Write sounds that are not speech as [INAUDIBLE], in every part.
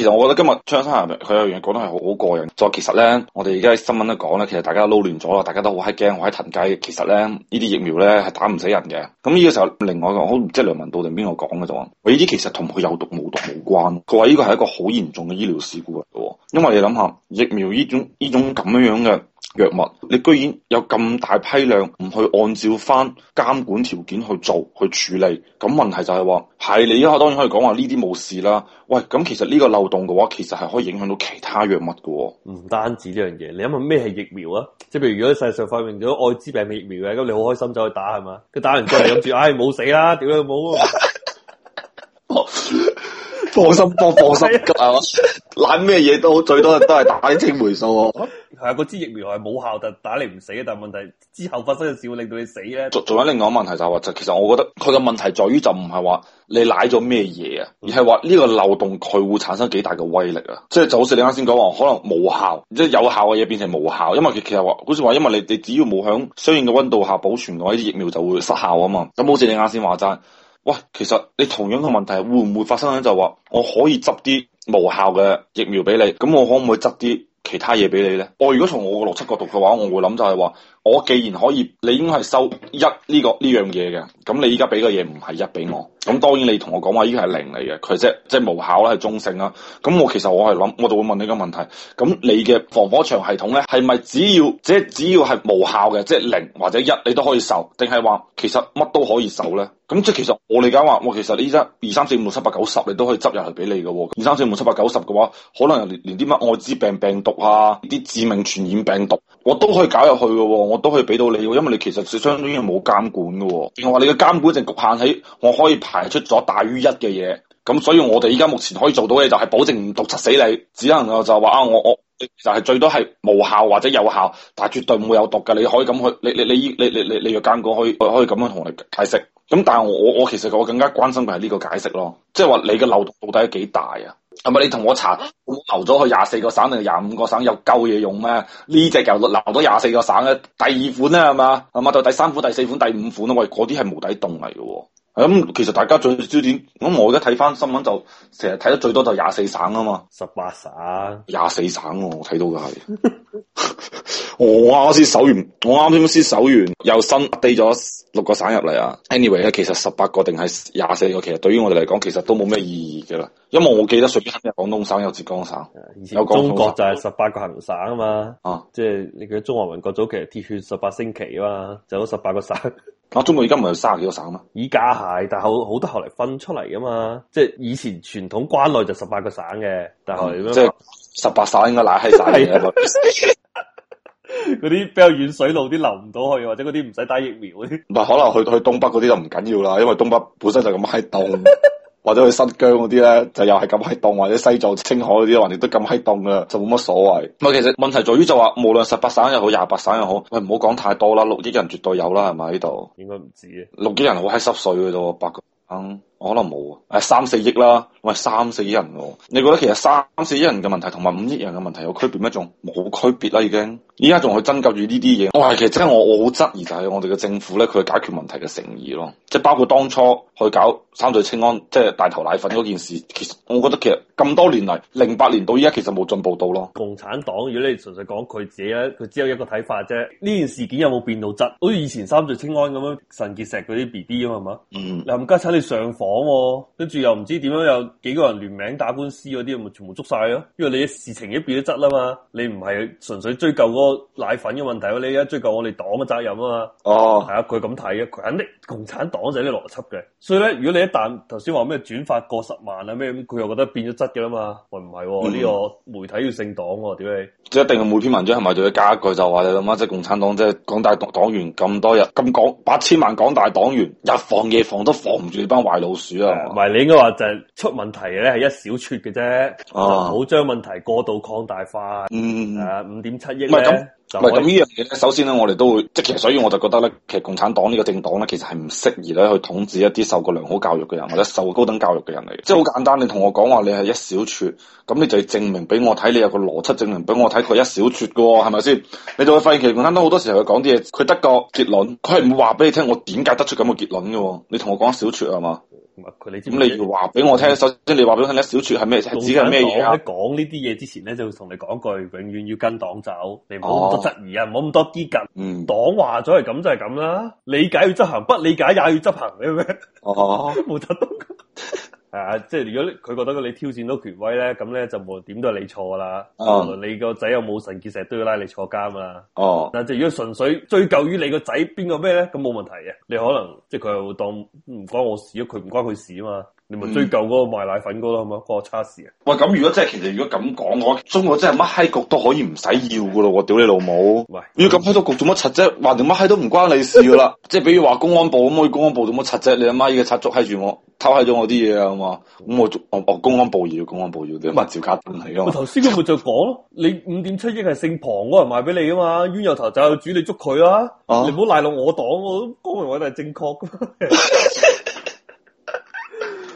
其實我覺得今日張生佢有樣講得係好過癮。就其實咧，我哋而家喺新聞都講咧，其實大家都撈亂咗啦，大家都好閪驚，我喺騰雞。其實咧，呢啲疫苗咧係打唔死人嘅。咁呢個時候，另外一個我唔知係梁文道定邊個講嘅就話，呢啲其實同佢有毒冇毒冇關。佢話呢個係一個好嚴重嘅醫療事故嚟嘅。因為你諗下，疫苗呢種呢種咁樣樣嘅。藥物，你居然有咁大批量唔去按照翻監管條件去做去處理，咁問題就係話係你可當然可以講話呢啲冇事啦。喂，咁其實呢個漏洞嘅話，其實係可以影響到其他藥物嘅，哦。唔單止呢樣嘢，你諗下咩係疫苗啊？即係譬如如果世界上發明咗愛滋病嘅疫苗嘅，咁你好開心就去打係嘛？佢打完之後諗住，唉冇、 [LAUGHS] 哎、死啦，屌你冇，啊！ [LAUGHS] 放心放放心架，懶咩嘢都好，最多都係打啲青霉素。係啊，個支疫苗係冇效，但打你唔死嘅。但係問題之後發生嘅事會令到你死咧。仲仲有另外一個問題就係、是、話，就其實我覺得佢嘅問題在於就唔係話你奶咗咩嘢啊，而係話呢個漏洞佢會產生幾大嘅威力啊。即、就、係、是、就好似你啱先講話，可能無效，即係有效嘅嘢變成無效，因為佢其實話好似話，因為你你只要冇響相應嘅溫度下保存嘅話，啲疫苗就會失效啊嘛。咁好似你啱先話齋，喂，其實你同樣嘅問題會唔會發生咧？就話、是、我可以執啲無效嘅疫苗俾你，咁我可唔可以執啲？其他嘢畀你咧，我如果從我嘅邏輯角度嘅話，我會諗就係話，我既然可以，你應該係收一呢、這個呢樣嘢嘅，咁、這個這個、你而家畀嘅嘢唔係一畀我。咁當然你同我講話依個係零嚟嘅，佢即係即係無效啦，係中性啦。咁我其實我係諗，我就會問你個問題，咁你嘅防火牆系統咧係咪只要即係只要係無效嘅，即係零或者一你都可以受，定係話其實乜都可以受咧？咁即係其實我理解話，我其實呢啲二三四五六七八九十你都可以執入去俾你嘅喎，二三四五六七八九十嘅話，可能連啲乜愛滋病病毒啊，啲致命傳染病毒，我都可以搞入去嘅喎，我都可以俾到你，因為你其實係相當於冇監管嘅喎。另外，你嘅監管淨局限喺我可以排。提出咗大於一嘅嘢，咁所以我哋依家目前可以做到嘅就係保證唔毒柒死你，只能啊就話啊我我就係最多係無效或者有效，但係絕對唔會有毒㗎。你可以咁去，你你你你你你藥監局可以可以咁樣同你解釋。咁但係我我其實我更加關心嘅係呢個解釋咯，即係話你嘅漏洞到底幾大啊？係咪你同我查我留咗去廿四個省定係廿五個省有夠嘢用咩？呢隻又留咗廿四個省嘅第二款啦，係嘛？係嘛？到第三款、第四款、第五款啦，喂，嗰啲係無底洞嚟嘅喎。咁、嗯、其實大家最焦點，咁、嗯、我而家睇翻新聞就成日睇得最多就廿四省啊嘛，十八省，廿四省我睇到嘅係，我啱先 [LAUGHS] [LAUGHS] 搜完，我啱先先搜完又新低咗六個省入嚟啊。Anyway 咧，其實十八個定係廿四個，其實對於我哋嚟講，其實都冇咩意義嘅啦。因為我記得屬於係廣東省有浙江省，有省中國就係十八個行省啊嘛。啊、嗯，即係你記得中華民國早期鐵血十八星期啊嘛，就有十八個省。啊！中國而家唔係有卅幾個省嘛？而家係，但係好好多後嚟分出嚟噶嘛。即係以前傳統關內就十八個省嘅，但係、嗯嗯、即係十八省應該瀨閪曬。嗰啲比較遠水路啲流唔到去，或者嗰啲唔使打疫苗嗰啲。唔係，可能去去東北嗰啲就唔緊要啦，因為東北本身就咁閪凍。 [LAUGHS] 或者去新疆嗰啲咧，就又係咁閪凍，或者西藏、青海嗰啲，或者都咁閪凍啊，就冇乜所謂。唔係，其實問題在於就話，無論十八省又好廿八省又好，喂唔好講太多啦，六億人絕對有啦，係咪呢度？應該唔止，六億人好閪濕碎嘅啫，八個。可能冇啊，三四億啦，喂三四億人喎、啊，你覺得其實三四億人嘅問題同埋五億人嘅問題有區別咩？仲冇區別啦、啊，已經，依家仲去爭執住呢啲嘢，我係其實真係我我好質疑就係我哋嘅政府咧，佢解決問題嘅誠意咯，即係包括當初去搞三聚氰胺，即係大頭奶粉嗰件事，其實我覺得其實咁多年嚟，零八年到依家其實冇進步到咯。共產黨如果你純粹講佢自己咧，佢只有一個睇法啫。呢件事件有冇變到質？好似以前三聚氰胺咁樣，腎結石嗰啲 B B 啊嘛，林家產你上訪。黨，跟住又唔知點樣，有幾個人聯名打官司嗰啲，咪全部捉晒咯。因為你事情已經變咗質啦嘛，你唔係純粹追究嗰個奶粉嘅問題，你而家追究我哋黨嘅責任啊嘛。哦，係啊，佢咁睇嘅，佢肯定，共產黨就係呢邏輯嘅。所以咧，如果你一旦頭先話咩轉發過十萬啊咩，咁佢又覺得變咗質嘅啦嘛。喂、哎，唔係呢個媒體要姓黨、啊，點你？即一定係每篇文章係咪都要加一句就話你？阿媽即係共產黨，即係廣大黨員咁多日咁講八千萬廣大黨員日防夜防都防唔住你班壞老。唔係、啊、你應該話就係出問題咧，係一小撮嘅啫，唔好將問題過度擴大化。嗯，誒五點七億咧，唔係咁，唔係咁呢樣嘢咧。首先咧，我哋都會即其實，所以我就覺得咧，其實共產黨呢個政黨咧，其實係唔適宜咧去統治一啲受過良好教育嘅人或者受過高等教育嘅人嚟嘅。即係好簡單，你同我講話你係一小撮，咁你就要證明俾我睇，你有個邏輯證明俾我睇佢一小撮嘅喎，係咪先？你就會發現其實共產黨好多時候佢講啲嘢，佢得個結論，佢係唔會話俾你聽我點解得出咁嘅結論嘅。你同我講一小撮係嘛？佢你咁你話俾我聽，首先你話俾我聽咧，小撮係咩嘢？指嘅係咩嘢啊？講呢啲嘢之前咧，就會同你講句，永遠要跟黨走，你唔好咁多質疑啊，唔好咁多啲緊。嗯，黨話咗係咁就係咁啦，理解要執行，不理解也要執行，你明唔明？哦， [LAUGHS] 毛澤澤東。 [LAUGHS] 係啊，即係如果佢覺得你挑戰到權威咧，咁咧就無論點都係你錯啦。無論、uh. 你個仔有冇腎結石都要拉你坐監啦。哦、uh.，但係如果純粹追究於你個仔邊個咩咧，咁冇問題嘅。你可能即係佢又當唔關我事，佢唔關佢事啊嘛。你咪追究嗰個賣奶粉嗰咯，係咪、嗯、個差事啊？喂，咁如果真係，其實如果咁講，我中國真係乜閪局都可以唔使要噶咯，我屌你老母！喂，你咁閪多局做乜柒啫？話你乜閪都唔關你事噶啦！ [LAUGHS] 即係比如話公安部咁，我去公安部做乜柒啫？你阿媽依家插足閪住我，偷閪咗我啲嘢啊嘛？我我我公安部要，公安部要，咁啊趙家真係啊，我頭先佢咪就講咯，你五點七億係姓龐嗰人賣俾你啊嘛？冤有頭債有主，你捉佢啦！啊、你唔好賴落我黨，我都認為係正確噶。 [LAUGHS] [LAUGHS]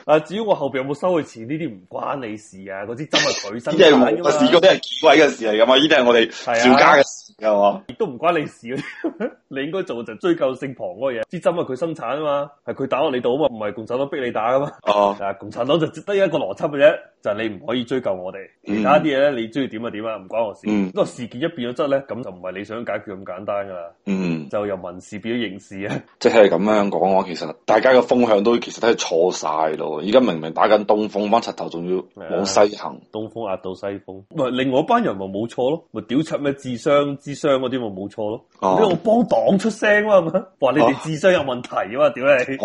啊！至於我後邊有冇收佢錢，呢啲唔關你事啊。嗰支針係佢生產、啊，呢啲係民事，嗰啲係見鬼嘅事嚟噶嘛？呢啲係我哋啊，小家嘅事，係嘛？亦都唔關你事、啊。 [LAUGHS] 你應該做就追究姓龐嗰個嘢。支針係佢生產啊嘛，係佢打落你度啊嘛，唔係共產黨逼你打噶嘛。哦、啊啊，共產黨就只得一個邏輯嘅啫，就係、是、你唔可以追究我哋。嗯、其他啲嘢咧，你中意點就點啊，唔關我事。不過、嗯、事件一變咗質咧，咁就唔係你想解決咁簡單噶啦。嗯，就由民事變咗刑事啊。即係咁樣講，我其實大家嘅風向都其實都係錯晒咯。而家明明打緊東風，班柒頭仲要往西行，東風壓到西風。唔係另外一班人咪冇錯咯，咪屌柒咩智商，智商嗰啲，咪冇錯咯。咁，啊，我幫黨出聲嘛，係咪？話你哋智商有問題啊嘛，屌你！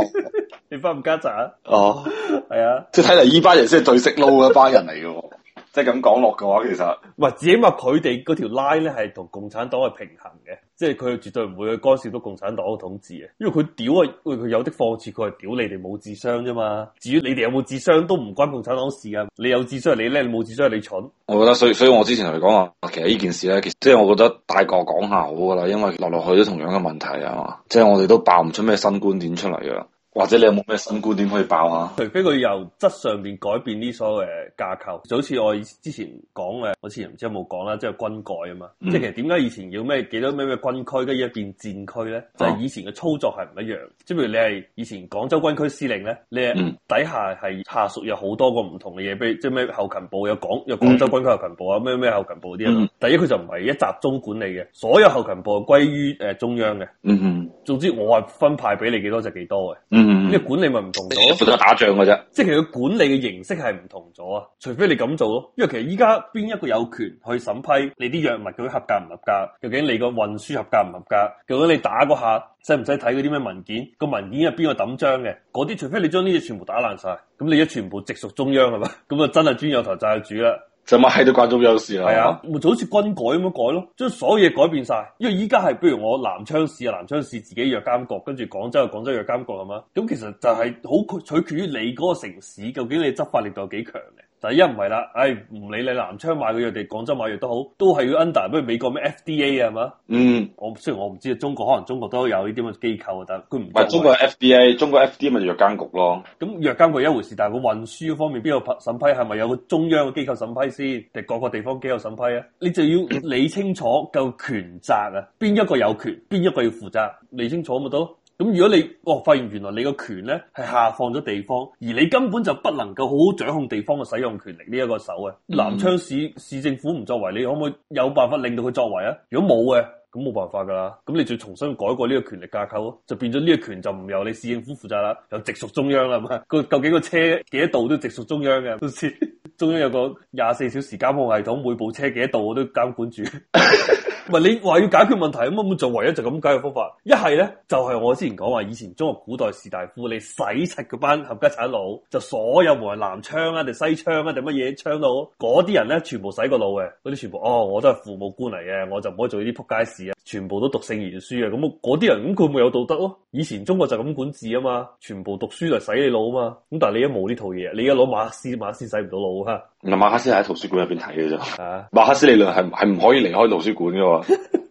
你翻唔加咋？哦，係啊， [LAUGHS] 即係睇嚟呢班人先係最識撈嘅一班人嚟嘅。 [LAUGHS] 即係咁講落嘅話，其實唔係，只係佢哋嗰條拉咧係同共產黨係平衡嘅，即係佢係絕對唔會去干涉到共產黨嘅統治嘅，因為佢屌啊，佢佢有的放矢，佢係屌你哋冇智商啫嘛。至於你哋有冇智商都唔關共產黨事啊，你有智商係你叻，你冇智商係你蠢。我覺得所以，所以我之前同你講話，其實呢件事咧，即係我覺得大個講下好噶啦，因為落落去都同樣嘅問題啊嘛，即係、就是、我哋都爆唔出咩新觀點出嚟嘅。或者你有冇咩新觀點可以爆下？除非佢由質上邊改變呢所有嘅架構，就好似我之前講嘅，好似唔知有冇講啦，即、就、係、是、軍改啊嘛。嗯、即係其實點解以前要咩幾多咩咩軍區跟住一變戰區咧？啊、就係以前嘅操作係唔一樣。即係譬如你係以前廣州軍區司令咧，你底下係下屬有好多個唔同嘅嘢，比如即係咩後勤部有廣有廣州軍區後勤部啊，咩咩、嗯、後勤部啲啊。一嗯、第一佢就唔係一集中管理嘅，所有後勤部係歸於誒中央嘅。嗯嗯。總之我係分派俾你幾多就幾多嘅。嗯嗯，呢個管理咪唔同咗，負責打仗嘅啫。即係其實佢管理嘅形式係唔同咗啊，除非你咁做咯。因為其實依家邊一個有權去審批你啲藥物究竟合格唔合格？究竟你個運輸合格唔合格？究竟你打嗰下，使唔使睇嗰啲咩文件？個文件係邊個抌章嘅？嗰啲除非你將呢嘢全部打爛晒，咁你依家全部直屬中央係嘛？咁啊真係冤有頭債有主啦。就咪喺度關咗有事啦，係啊，就好似軍改咁樣改咯，將所有嘢改變晒，因為依家係不如我南昌市啊，南昌市自己藥監局，跟住廣州啊，廣州藥監局咁嘛，咁其實就係好取決於你個城市，究竟你執法力度有幾強嘅。第一唔係啦，唉，唔、哎、理你南昌買嘅藥定廣州買藥都好，都係要 under，不如美國咩 FDA 啊係嘛？嗯，我雖然我唔知道，中國可能中國都有呢啲咁嘅機構，但佢唔係中國 FDA，中國 FDA 咪藥監局咯。咁藥監局一回事，但係佢運輸方面邊個審批審批係咪有個中央嘅機構審批先，定各個地方機構審批啊？你就要理清楚個權責啊，邊一個有權，邊一個要負責，理清楚咪得咯。咁如果你，哦，發現原來你個權咧係下放咗地方，而你根本就不能夠好好掌控地方嘅使用權力呢一個手啊。南昌市市政府唔作為，你可唔可以有辦法令到佢作為啊？如果冇嘅，咁冇辦法㗎啦。咁你就要重新改過呢個權力架構咯，就變咗呢個權就唔由你市政府負責啦，由直屬中央啦嘛，係咪？究竟個車幾多度都直屬中央嘅，好似中央有個廿四小時監控系統，每部車幾多度我都監管住。 [LAUGHS] 唔係，你話要解決問題咁，我作唯一就咁解嘅方法。一係咧就係、是、我之前講話以前中國古代士大夫，你洗刷嗰班合家產佬，就所有無論南窗啊定西窗啊定乜嘢窗佬，嗰啲人咧全部洗過腦嘅，嗰啲全部哦，我都係父母官嚟嘅，我就唔可以做呢啲撲街事啊，全部都讀聖賢書嘅，咁嗰啲人咁佢有冇道德咯？以前中國就咁管治啊嘛，全部讀書就係洗你腦啊嘛，咁但係你而家冇呢套嘢，你而家攞馬克思，馬克思洗唔到腦吓。嗱，馬克思喺圖書館入邊睇嘅啫，啊、馬克思理論係係唔可以離開圖書館嘅喎。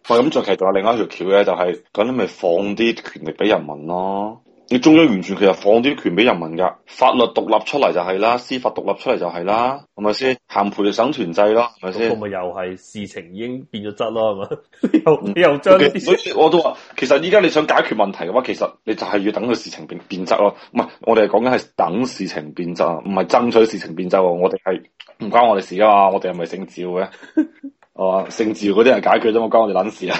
咁再、 [LAUGHS] 哦、其仲有另外一條橋嘅，就係咁你咪放啲權力俾人民咯。你中央完全其實放啲權俾人民噶，法律獨立出嚟就係啦，司法獨立出嚟就係啦，係咪先？行陪審團制咯，係咪先？咁咪又係事情已經變咗質咯，係嘛 [LAUGHS] ？又又將啲……所以 [LAUGHS] 我都話，其實依家你想解決問題嘅話，其實你就係要等佢事情變變質咯。唔係，我哋講緊係等事情變質，唔係爭取事情變質。我哋係唔關我哋事啊嘛，我哋係咪姓趙嘅？哦，姓趙嗰啲人解決啫，嘛，關我哋捻事啊。